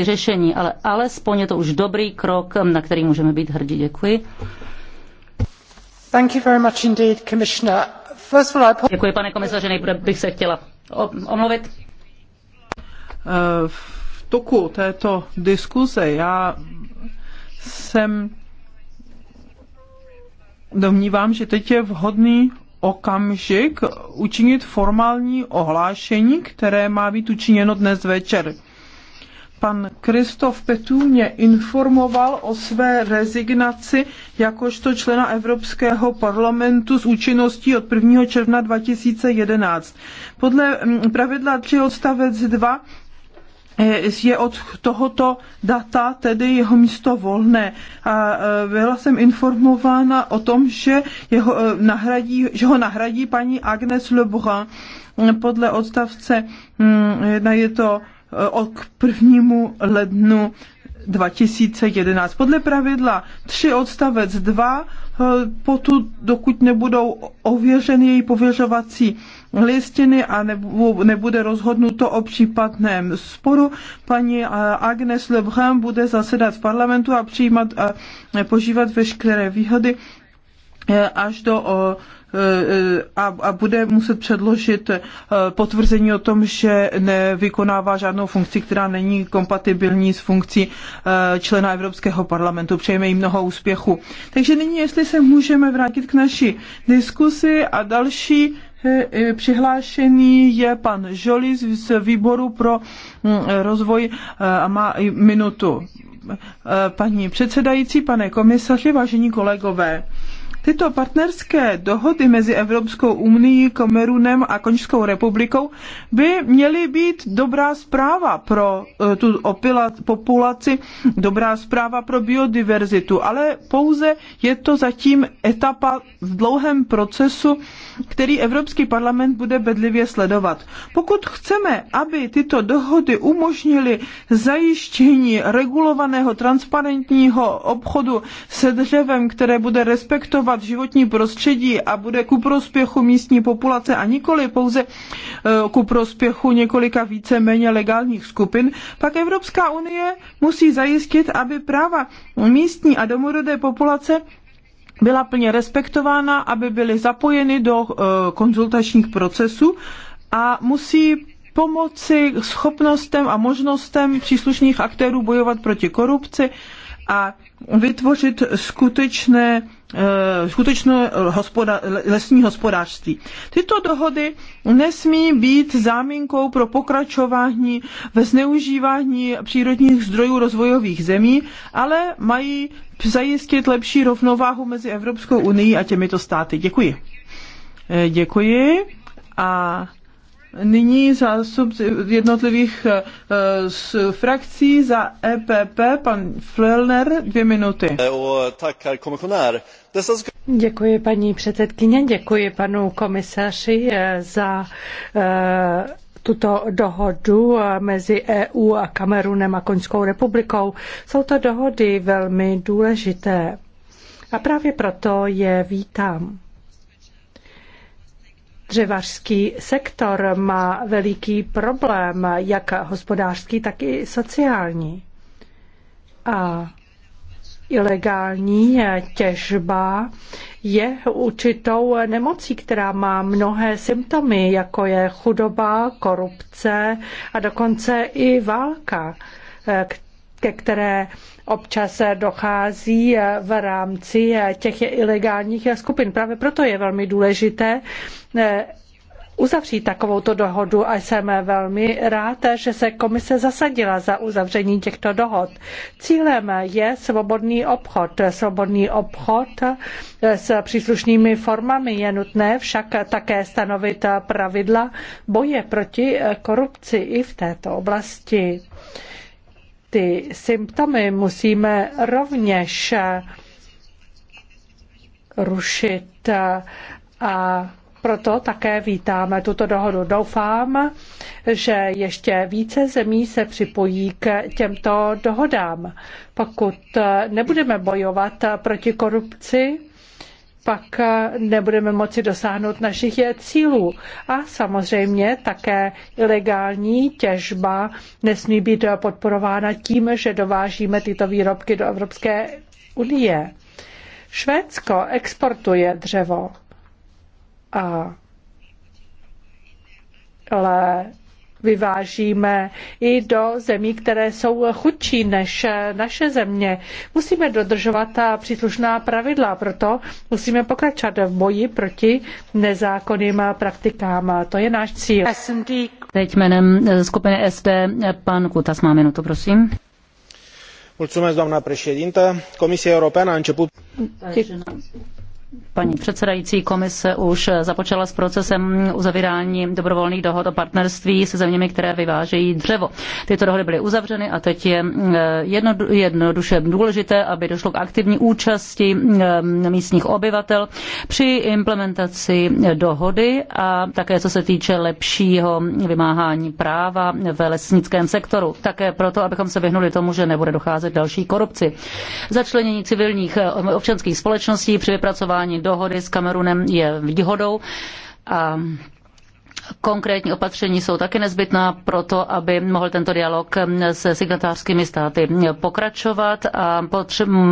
řešení, ale alespoň je to už dobrý krok, na který můžeme být hrdí. Děkuji. Thank you very much indeed, Commissioner. First of all, I... Děkuji, pane komisaře, nejprve bych se chtěla omluvit. Eh, v toku této diskuze já jsem domnívám, že teď je vhodný okamžik učinit formální ohlášení, které má být učiněno dnes večer pan Kristof mě informoval o své rezignaci jakožto člena Evropského parlamentu s účinností od 1. června 2011. Podle mm, pravidla 3 odstavec 2 eh, je od tohoto data tedy jeho místo volné. A eh, byla jsem informována o tom, že, jeho eh, nahradí, že ho nahradí paní Agnes Lebrun. Podle odstavce 1 mm, je to Eh, k prvnímu lednu 2011. Podle pravidla 3 odstavec 2, eh, potud, dokud nebudou ověřeny její pověřovací listiny a nebude rozhodnuto o případném sporu, paní eh, Agnes Lebrun bude zasedat v parlamentu a přijímat a požívat veškeré výhody až do Eh, a, a bude muset předložit eh, potvrzení o tom, že nevykonává žádnou funkci, která není kompatibilní s funkcí eh, člena Evropského parlamentu. Přejeme jí mnoho úspěchu. Takže nyní, jestli se můžeme vrátit k naší diskusi a další Přihlášený je pan Žolis z výboru pro mm, rozvoj a má minutu. Paní předsedající, pane komisaři, vážení kolegové, Tyto partnerské dohody mezi Evropskou unii, Kamerunem a Končskou republikou by měly být dobrá zpráva pro eh, tu populaci, dobrá zpráva pro biodiverzitu, ale pouze je to zatím etapa v dlouhém procesu, který Evropský parlament bude bedlivě sledovat. Pokud chceme, aby tyto dohody umožnily zajištění regulovaného transparentního obchodu se dřevem, které bude respektovat zlepšovat životní prostředí a bude ku prospěchu místní populace a nikoli pouze e, ku prospěchu několika více méně legálních skupin, pak Evropská unie musí zajistit, aby práva místní a domorodé populace byla plně respektována, aby byly zapojeny do e, konzultačních procesů a musí pomoci schopnostem a možnostem příslušných aktérů bojovat proti korupci a vytvořit skutečné Eh, skutečné hospoda, lesní hospodářství. Tyto dohody nesmí být záminkou pro pokračování ve zneužívání přírodních zdrojů rozvojových zemí, ale mají zajistit lepší rovnováhu mezi Evropskou unii a těmito státy. Děkuji. Eh, děkuji. A Nyní zástupci jednotlivých z eh, frakcí za EPP, pan Flelner, dvě minuty. Eh, děkuji paní předsedkyně, děkuji panu komisaři eh, za tuto dohodu mezi EU a Kamerunem a Koňskou republikou. Jsou to dohody velmi důležité a právě proto je vítám. Dřevařský sektor má veliký problém, jak hospodářský, tak i sociální. A ilegální těžba je určitou nemocí, která má mnohé symptomy, jako je chudoba, korupce a dokonce i válka, ke které občas dochází eh, v rámci eh, těch ilegálních eh, skupin. Právě proto je velmi důležité uzavřít takovouto dohodu a jsem velmi ráda, že se komise zasadila za uzavření těchto dohod. Cílem je svobodný obchod. Svobodný obchod s příslušnými formami je nutné však také stanovit pravidla boje proti korupci i v této oblasti ty symptomy musíme rovněž rušit a proto také vítáme tuto dohodu. Doufám, že ještě více zemí se připojí k těmto dohodám. Pokud nebudeme bojovat proti korupci, pak eh, nebudeme moci dosáhnout našich eh, cílů. A samozřejmě také ilegální těžba nesmí být eh, podporována tím, že dovážíme tyto výrobky do Evropské unie. Švédsko exportuje dřevo, a, ale vyvážíme i do zemí, které jsou chudší než naše země. Musíme dodržovat ta příslušná pravidla, proto musíme pokračovat v boji proti nezákonným praktikám. To je náš cíl. SMD. Teď jménem eh, skupiny SD pan Kutas má minutu, prosím. Mulțumesc, doamna președintă. Comisia Europeană a început... Děkuji. Paní předsedající komise už započala s procesem uzavírání dobrovolných dohod o partnerství se zeměmi, které vyvážejí dřevo. Tyto dohody byly uzavřeny a teď je eh, jedno, jednoduše důležité, aby došlo k aktivní účasti eh, místních obyvatel při implementaci dohody a také co se týče lepšího vymáhání práva ve lesnickém sektoru. Také proto, abychom se vyhnuli tomu, že nebude docházet k další korupci. Začlenění civilních eh, občanských společností při vypracování podepsání dohody s Kamerunem je výhodou. A Konkrétní opatření jsou také nezbytná pro to, aby mohl tento dialog se signatářskými státy pokračovat a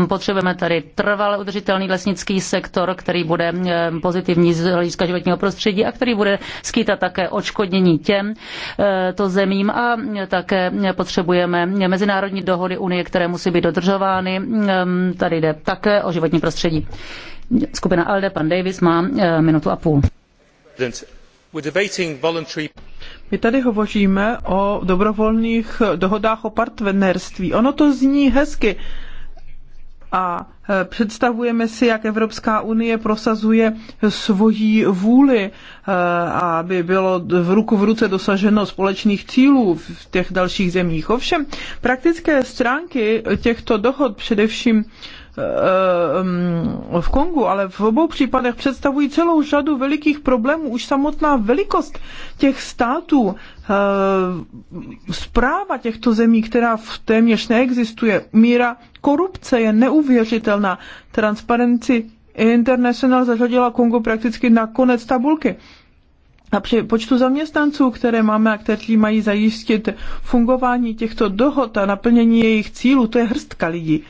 potřebujeme tady trvale udržitelný lesnický sektor, který bude eh, pozitivní z hlediska životního prostředí a který bude skýtat také očkodnění těm eh, to zemím a také potřebujeme mezinárodní dohody Unie, které musí být dodržovány. Ehm, tady jde také o životní prostředí. Skupina ALDE, pan Davis má eh, minutu a půl. My tady hovoříme o dobrovolných dohodách o partnerství. Ono to zní hezky, a eh, představujeme si, jak Evropská unie prosazuje svoji vůli, eh, aby bylo v ruku v ruce dosaženo společných cílů v těch dalších zemích. Ovšem, praktické stránky těchto dohod, především Eh, v Kongu, ale v obou případech představují celou řadu velikých problémů. Už samotná velikost těch států, eh, zpráva těchto zemí, která v téměř neexistuje, míra korupce je neuvěřitelná. Transparenci International zařadila Kongo prakticky na konec tabulky. A při počtu zaměstnanců, které máme a kteří mají zajistit fungování těchto dohod a naplnění jejich cílů, to je hrstka lidí.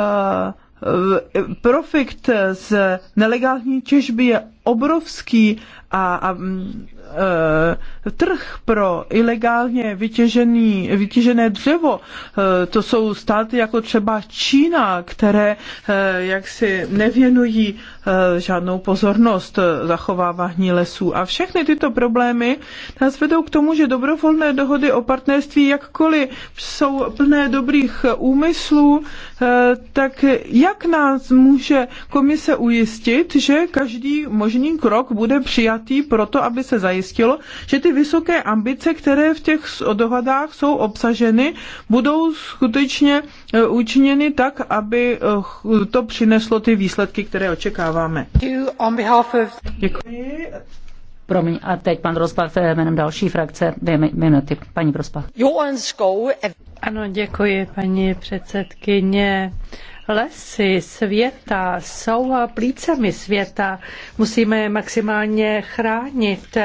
Eh, profit z nelegální těžby je obrovský a, a mm, e, trh pro ilegálně vytěžený, vytěžené dřevo, e, to jsou státy jako třeba Čína, které e, jaksi nevěnují e, žádnou pozornost zachovávání lesů. A všechny tyto problémy nás vedou k tomu, že dobrovolné dohody o partnerství, jakkoliv jsou plné dobrých úmyslů, e, tak jak nás může komise ujistit, že každý možný krok bude přijat přijatý proto, aby se zajistilo, že ty vysoké ambice, které v těch dohodách jsou obsaženy, budou skutečně eh, učiněny tak, aby eh, to přineslo ty výsledky, které očekáváme. Děkuji. Promiň, a teď pan Rozpach eh, jménem další frakce, dvě minuty. Paní Rozpach. Ano, děkuji, paní předsedkyně. Lesy světa jsou plícemi světa. Musíme je maximálně chránit.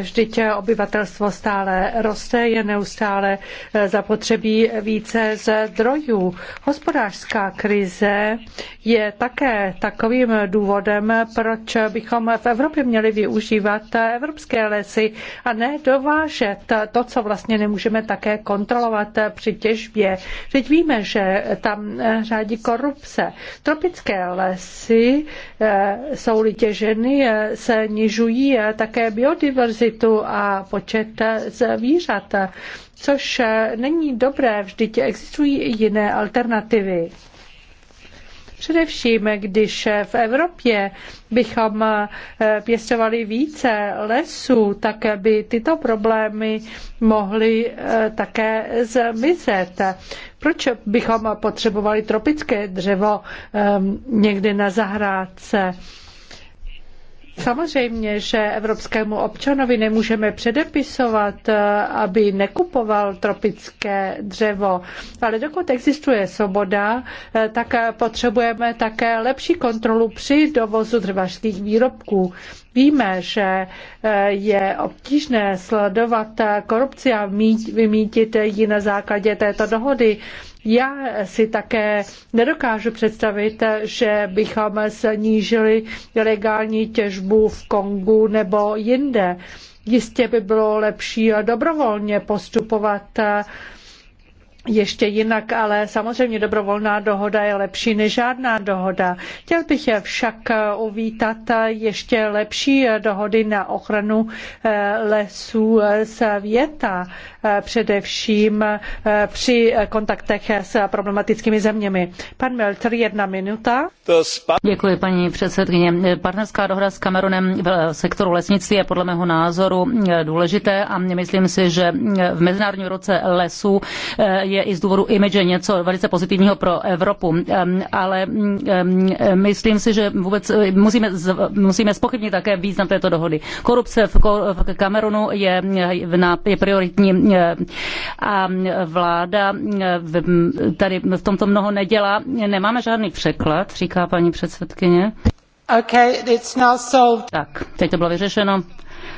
Vždyť obyvatelstvo stále roste, je neustále zapotřebí více zdrojů. Hospodářská krize je také takovým důvodem, proč bychom v Evropě měli využívat evropské lesy a ne dovážet to, co vlastně nemůžeme také kontrolovat při těžbě. Teď víme, že tam řádí korupce. Tropické lesy eh, jsou litěženy, eh, se nižují eh, také biodiverzitu a počet zvířat, což není dobré, vždyť existují i jiné alternativy. Především, když v Evropě bychom eh, pěstovali více lesů, tak by tyto problémy mohly eh, také zmizet. Proč bychom potřebovali tropické dřevo eh, někde na zahrádce? Samozřejmě, že evropskému občanovi nemůžeme předepisovat, eh, aby nekupoval tropické dřevo, ale dokud existuje svoboda, eh, tak potřebujeme také lepší kontrolu při dovozu dřevařských výrobků. Víme, že eh, je obtížné sledovat korupci a vymítit ji na základě této dohody. Já si také nedokážu představit, že bychom snížili legální těžbu v Kongu nebo jinde. Jistě by bylo lepší dobrovolně postupovat ještě jinak, ale samozřejmě dobrovolná dohoda je lepší než žádná dohoda. Chtěl bych však uvítat ještě lepší dohody na ochranu eh, lesů světa, eh, především eh, při kontaktech s problematickými zeměmi. Pan Melter, jedna minuta. Děkuji, paní předsedkyně. Partnerská dohoda s Kamerunem v sektoru lesnictví je podle mého názoru důležité a myslím si, že v Mezinárodním roce lesů je je i z důvodu image něco velice pozitivního pro Evropu. Ale myslím si, že vůbec eh, musíme, musíme spochybnit také význam této dohody. Korupce v Kamerunu je, na, je prioritní eh, a vláda eh, tady v tomto mnoho nedělá. Nemáme žádný překlad, říká paní předsedkyně. Okay, it's now solved. Tak, teď to bylo vyřešeno.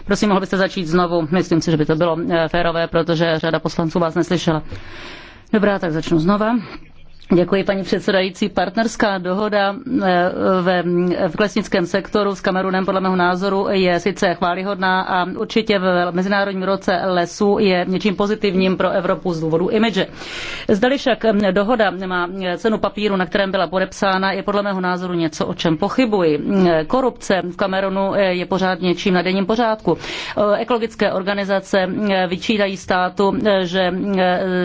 Prosím, mohl byste začít znovu. Myslím si, že by to bylo férové, protože řada poslanců vás neslyšela. Dobrá, tak začnu znova. Děkuji, paní předsedající. Partnerská dohoda eh, v klesnickém sektoru s Kamerunem podle mého názoru je sice chválihodná a určitě v Mezinárodním roce lesů je něčím pozitivním pro Evropu z důvodu imidže. Zdali však dohoda má cenu papíru, na kterém byla podepsána, je podle mého názoru něco, o čem pochybuji. Korupce v Kamerunu eh, je pořád něčím na denním pořádku. Eh, ekologické organizace vyčítají státu, že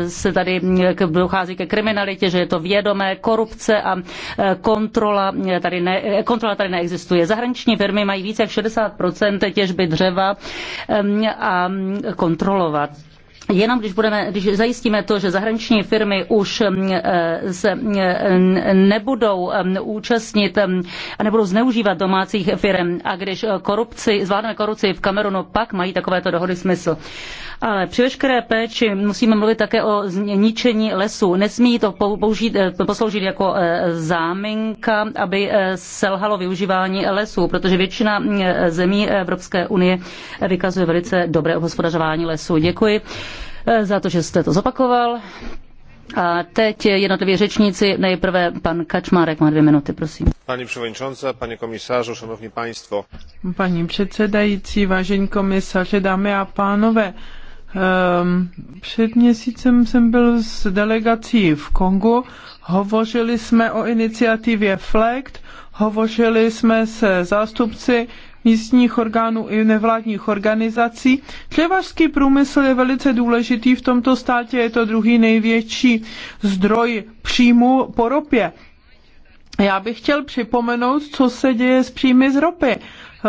se tady dochází ke kriminalitě, že je to vědomé, korupce a e, kontrola e, tady, ne, e, kontrola tady neexistuje. Zahraniční firmy mají více jak 60% těžby dřeva a kontrolovat Jenom když, budeme, když zajistíme to, že zahraniční firmy už se nebudou účastnit a nebudou zneužívat domácích firm a když korupci, zvládneme korupci v Kamerunu, pak mají takovéto dohody smysl. Ale při veškeré péči musíme mluvit také o ničení lesů. Nesmí to použít, eh, posloužit jako eh, záminka, aby eh, selhalo využívání lesů, protože většina zemí Evropské unie vykazuje velice dobré hospodařování lesů. Děkuji za to, že jste to zopakoval. A teď jednotliví řečníci, nejprve pan Kačmárek má dvě minuty, prosím. Paní předsedající, pane komisářu, šanovní pánstvo. Paní předsedající, vážení komisaři, dámy a pánové, Ehm, před měsícem jsem byl s delegací v Kongu, hovořili jsme o iniciativě FLECT, hovořili jsme se zástupci místních orgánů i nevládních organizací. Dřevařský průmysl je velice důležitý v tomto státě, je to druhý největší zdroj příjmu po ropě. Já bych chtěl připomenout, co se děje s příjmy z ropy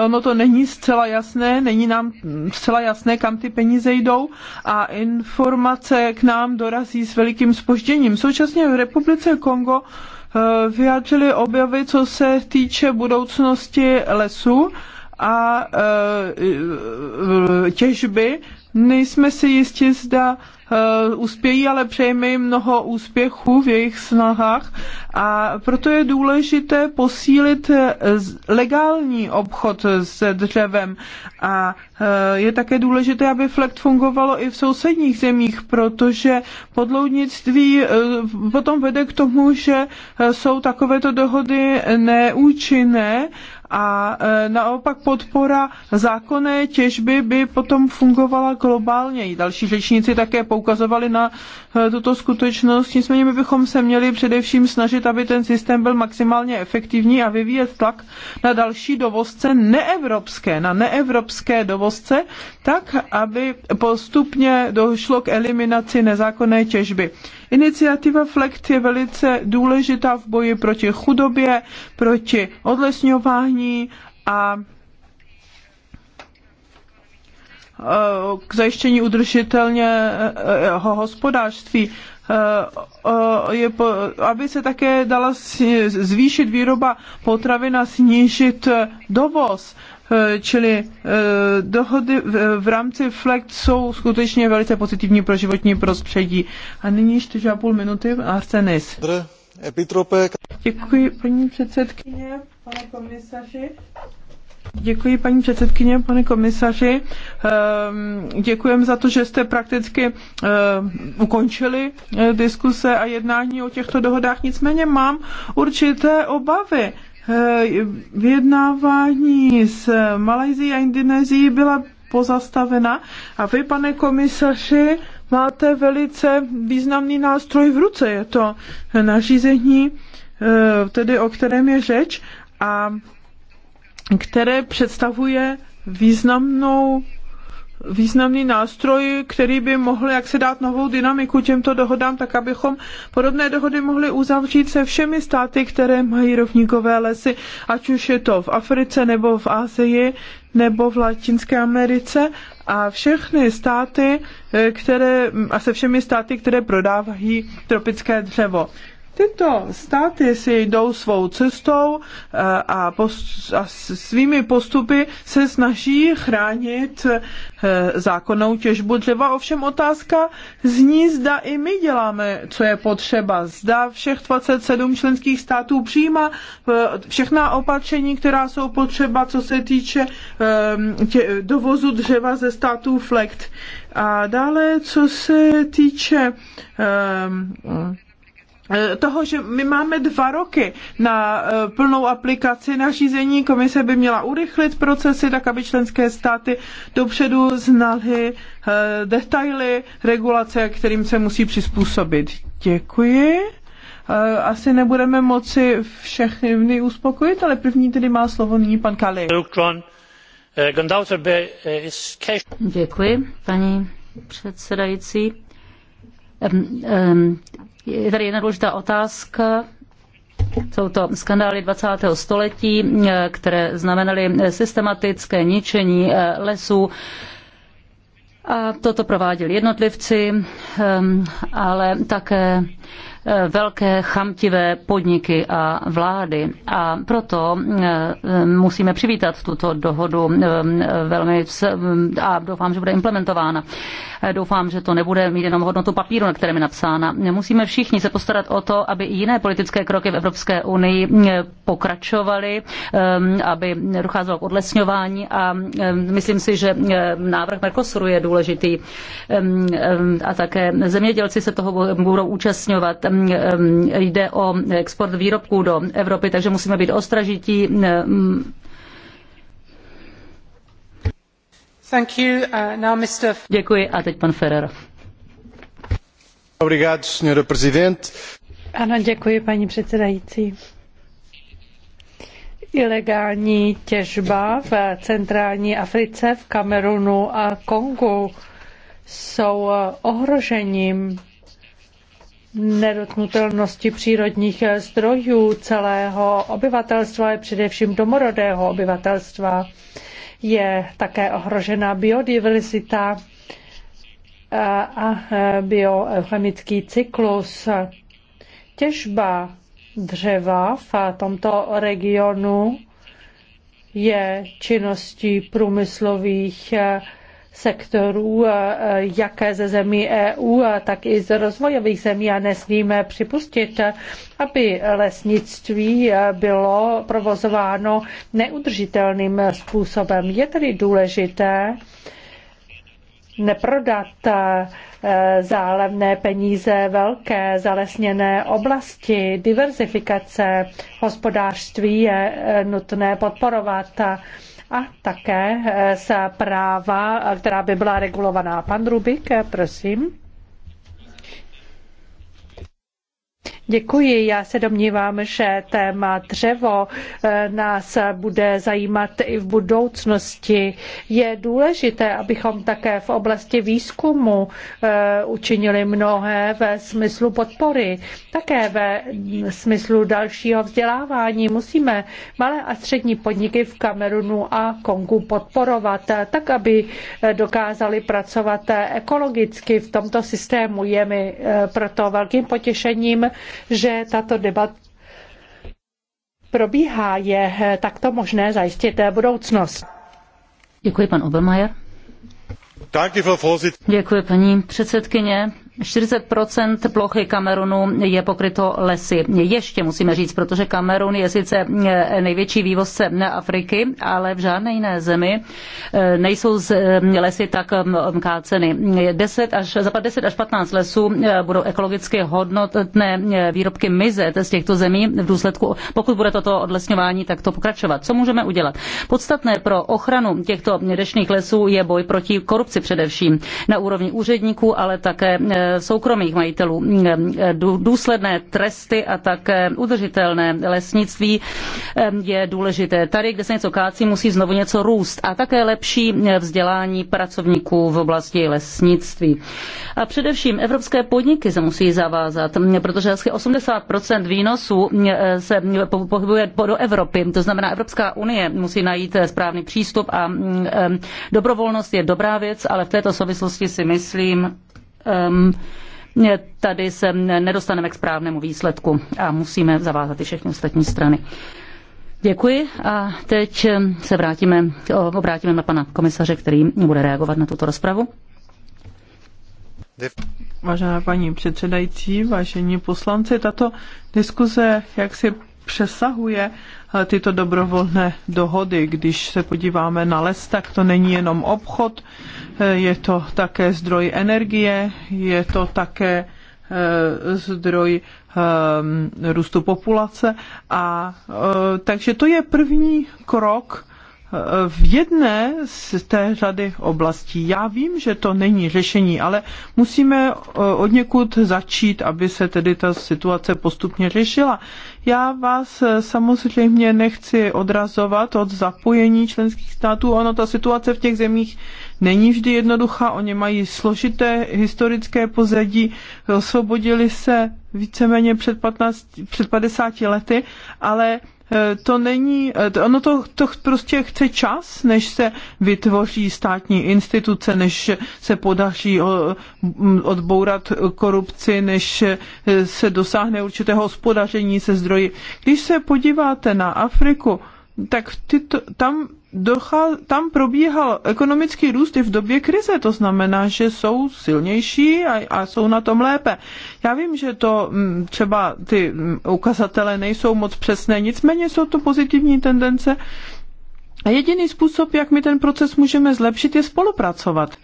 ono to není zcela jasné, není nám zcela jasné, kam ty peníze jdou a informace k nám dorazí s velikým spožděním. Současně v Republice Kongo eh, vyjádřili objevy, co se týče budoucnosti lesů a eh, eh, těžby. Nejsme si jistí, zda Eh, uspějí, ale přejme jim mnoho úspěchů v jejich snahách a proto je důležité posílit eh, legální obchod se dřevem a eh, je také důležité, aby flekt fungovalo i v sousedních zemích, protože podloudnictví potom vede k tomu, že jsou takovéto dohody neúčinné a e, naopak podpora zákonné těžby by potom fungovala globálně. Další řečníci také poukazovali na e, tuto skutečnost, nicméně my bychom se měli především snažit, aby ten systém byl maximálně efektivní a vyvíjet tlak na další dovozce neevropské, na neevropské dovozce, tak, aby postupně došlo k eliminaci nezákonné těžby. Iniciativa FLECT je velice důležitá v boji proti chudobě, proti odlesňování a eh, k zajištění udržitelného hospodářství eh, eh, je, aby se také dala zvýšit výroba potravin a snížit dovoz. Eh, čili eh, dohody v rámci FLECT jsou skutečně velice pozitivní pro životní prostředí. A nyní 4,5 minuty Arsenis. Děkuji, paní předsedkyně, pane komisaři. Děkuji, paní předsedkyně, pane komisaři. Ehm, Děkujeme za to, že jste prakticky eh, ukončili diskuse a jednání o těchto dohodách. Nicméně mám určité obavy Eh, vyjednávání s Malajzí a Indonésií byla pozastavena a vy, pane komisaři, máte velice významný nástroj v ruce. Je to nařízení, eh, tedy o kterém je řeč a které představuje významnou významný nástroj, který by mohl jak se dát novou dynamiku těmto dohodám, tak abychom podobné dohody mohli uzavřít se všemi státy, které mají rovníkové lesy, ať už je to v Africe nebo v Asii nebo v Latinské Americe a všechny státy, eh, které, a se všemi státy, které prodávají tropické dřevo. Tyto státy si jdou svou cestou eh, a, post, a svými postupy se snaží chránit eh, zákonnou těžbu dřeva. Ovšem otázka zní, zda i my děláme, co je potřeba. Zda všech 27 členských států přijímá eh, všechna opatření, která jsou potřeba, co se týče tě, dovozu dřeva ze států FLECT. A dále, co se týče um, Eh, toho, že my máme dva roky na eh, plnou aplikaci nařízení. Komise by měla urychlit procesy, tak aby členské státy dopředu znaly eh, detaily regulace, kterým se musí přizpůsobit. Děkuji. Asi nebudeme moci všechny uspokojit, ale první tedy má slovo nyní pan Kali. Děkuji, paní předsedající je tady jedna důležitá otázka. Jsou to skandály 20. století, které znamenaly systematické ničení eh, lesů. A toto prováděli jednotlivci, ehm, ale také Eh, velké chamtivé podniky a vlády. A proto eh, musíme přivítat tuto dohodu eh, velmi a doufám, že bude implementována. Doufám, že to nebude mít jenom hodnotu papíru, na kterém je napsána. Musíme všichni se postarat o to, aby jiné politické kroky v Evropské unii pokračovaly, aby docházelo k odlesňování a myslím si, že návrh Mercosuru je důležitý ehm, ehm, a také zemědělci se toho budou účastňovat. Um, um, jde o export výrobků do Evropy, takže musíme být ostražití. Um, Thank you. Uh, now Mr. Děkuji a teď pan Ferrer. Obrigado, senhora presidente. Ano, děkuji, paní předsedající. Ilegální těžba v centrální Africe, v Kamerunu a Kongu jsou ohrožením nedotknutelnosti přírodních eh, zdrojů celého obyvatelstva, je především domorodého obyvatelstva. Je také ohrožena biodiverzita eh, a eh, biochemický cyklus. Těžba dřeva v tomto regionu je činností průmyslových sektorů, eh, jak ze zemí EU, eh, tak i z rozvojových zemí a nesmíme připustit, aby lesnictví eh, bylo provozováno neudržitelným způsobem. Je tedy důležité, neprodat zálevné peníze velké zalesněné oblasti, diverzifikace hospodářství je nutné podporovat a také z eh, práva, eh, která by byla regulovaná. Pan Rubik, eh, prosím. Děkuji. Já se domnívám, že téma dřevo eh, nás bude zajímat i v budoucnosti. Je důležité, abychom také v oblasti výzkumu eh, učinili mnohé ve smyslu podpory. Také ve smyslu dalšího vzdělávání musíme malé a střední podniky v Kamerunu a Kongu podporovat, eh, tak aby dokázali pracovat ekologicky v tomto systému. Je mi proto velkým potěšením, že tato debata probíhá, je takto možné zajistit budoucnost. Děkuji, pan Obermajer. Děkuji, paní předsedkyně. 40 plochy Kamerunu je pokryto lesy. Ještě musíme říct, protože Kamerun je sice eh, největší vývozce Afriky, ale v žádné jiné zemi eh, nejsou eh, lesy tak káceny. 10 až, za 10 až 15 lesů budou ekologicky hodnotné výrobky mizet z těchto zemí v důsledku, pokud bude toto odlesňování to pokračovat. Co můžeme udělat? Podstatné pro ochranu těchto dešných lesů je boj proti korupci především na úrovni úředníků, ale také Eh, soukromých majitelů. Mm, eh, důsledné tresty a také udržitelné lesnictví eh, je důležité. Tady, kde se něco kácí, musí znovu něco růst a také lepší vzdělání pracovníků v oblasti lesnictví. A především evropské podniky se musí zavázat, mm, protože asi 80% výnosů mm, se pohybuje do Evropy. To znamená, Evropská unie musí najít správný přístup a dobrovolnost je dobrá věc, ale v této souvislosti si myslím, Ehm, tady se nedostaneme k správnému výsledku a musíme zavázat i všechny ostatní strany. Děkuji a teď ehm, se vrátíme, obrátíme na pana komisaře, který bude reagovat na tuto rozpravu. Vážená paní předsedající, vážení poslanci, tato diskuze jaksi přesahuje Eh, tyto dobrovolné dohody. Když se podíváme na les, tak to není jenom obchod, eh, je to také zdroj energie, je to také eh, zdroj růstu populace. A takže to je první krok v jedné z té řady oblastí. Já vím, že to není řešení, ale musíme od někud začít, aby se tedy ta situace postupně řešila. Já vás eh, samozřejmě nechci odrazovat od zapojení členských států. Ono, ta situace v těch zemích není vždy jednoduchá. Oni mají složité historické pozadí. Osvobodili se víceméně před, 15, před 50 lety, ale Eh, to není, eh, ono to, to prostě chce čas, než se vytvoří státní instituce, než se podaří odbourat korupci, než eh, se dosáhne určitého hospodaření se zdroji. Když se podíváte na Afriku, tak tyto, tam dochal, tam probíhal ekonomický růst i v době krize, to znamená, že jsou silnější a, a jsou na tom lépe. Já vím, že to mm, třeba ty mm, ukazatele nejsou moc přesné, nicméně jsou to pozitivní tendence. A jediný způsob, jak my ten proces můžeme zlepšit, je spolupracovat.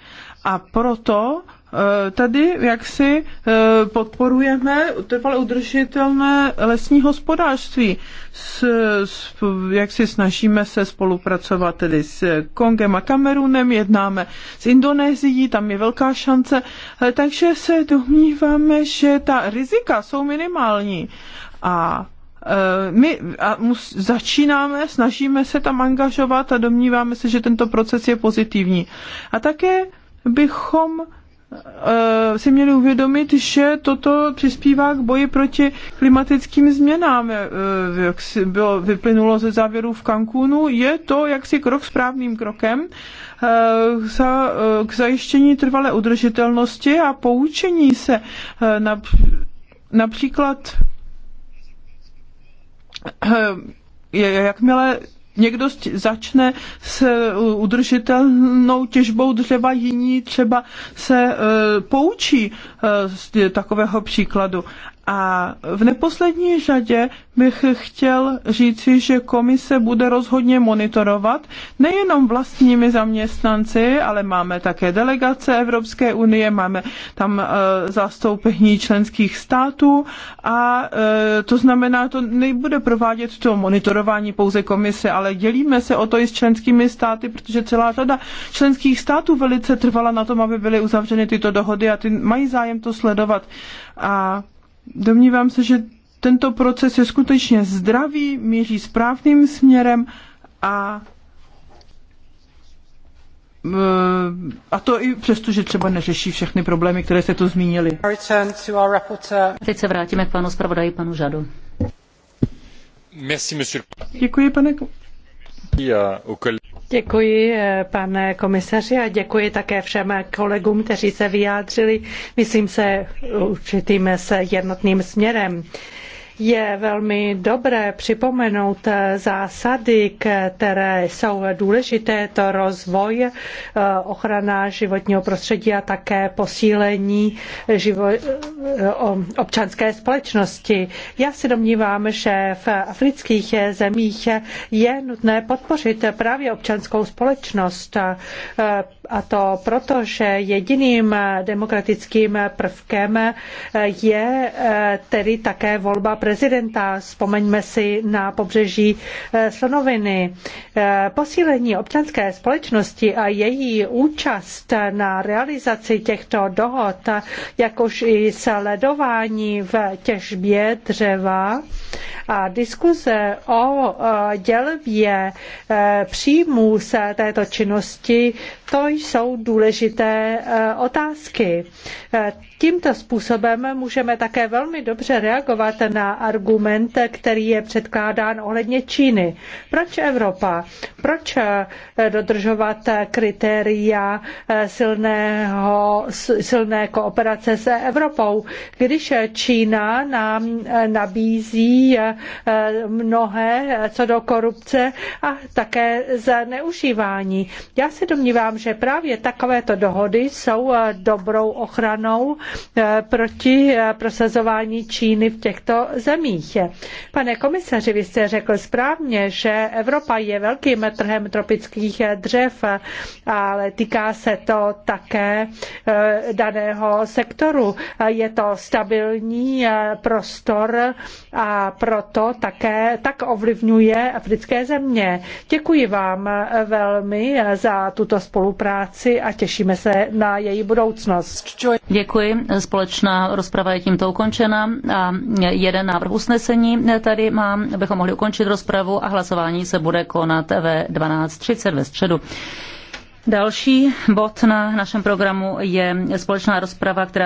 A proto Eh, tady si eh, podporujeme trvale udržitelné lesní hospodářství. S, s, jak si snažíme se spolupracovat tedy s Kongem a Kamerunem, jednáme s Indonésií, tam je velká šance, eh, takže se domníváme, že ta rizika jsou minimální. A my začínáme, snažíme se tam angažovat a domníváme se, že tento proces je pozitivní. A také bychom Eh, si měli uvědomit, že toto přispívá k boji proti klimatickým změnám. Eh, jak bylo, vyplynulo ze závěrů v Cancúnu, je to jaksi krok správným krokem eh, k zajištění trvalé udržitelnosti a poučení se například jakmile někdo začne s e, udržitelnou těžbou dřeva, jiní třeba se e, poučí e, z takového příkladu. A v neposlední řadě bych chtěl říci, že komise bude rozhodně monitorovat nejenom vlastními zaměstnanci, ale máme také delegace Evropské unie, máme tam e, zastoupení členských států a e, to znamená, to nebude provádět to monitorování pouze komise, ale dělíme se o to i s členskými státy, protože celá řada členských států velice trvala na tom, aby byly uzavřeny tyto dohody a ty mají zájem to sledovat. A Domnívám se, že tento proces je skutečně zdravý, míří správným směrem a eh, a to i přesto, že třeba neřeší všechny problémy, které se tu zmínili. Teď se vrátíme k panu zpravodaji, panu Žadu. Děkuji, pane Děkuji, eh, pane komisaři, a děkuji také všem kolegům, kteří se vyjádřili, myslím se, určitým se jednotným směrem je velmi dobré připomenout zásady, které jsou důležité, to rozvoj, eh, ochrana životního prostředí a také posílení živo- eh, občanské společnosti. Já si domnívám, že v afrických zemích je nutné podpořit právě občanskou společnost eh, a to proto, že jediným demokratickým prvkem je tedy také volba prezidenta prezidenta. Vzpomeňme si na pobřeží eh, Slonoviny. Eh, posílení občanské společnosti a její účast na realizaci těchto dohod, jakož i sledování v těžbě dřeva, a diskuze o e, dělbě e, příjmů se této činnosti, to jsou důležité e, otázky. Tímto způsobem můžeme také velmi dobře reagovat na argument, který je předkládán ohledně Číny. Proč Evropa? Proč dodržovat kritéria silného, silné kooperace s Evropou, když Čína nám nabízí Eh, eh, mnohé eh, co do korupce a také zneužívání. Já se domnívám, že právě takovéto dohody jsou dobrou ochranou proti prosazování Číny v těchto zemích. Pane komisaři, vy jste řekl správně, že Evropa je velkým trhem tropických dřev, ale týká se to také daného sektoru. Je to stabilní prostor a proto také tak ovlivňuje africké země. Děkuji vám velmi za tuto spolupráci a těšíme se na její budoucnost. Děkuji. Společná rozprava je tímto ukončena a jeden návrh usnesení tady mám, abychom mohli ukončit rozpravu a hlasování se bude konat ve 12.30 ve středu. Další bod na našem programu je společná rozprava, která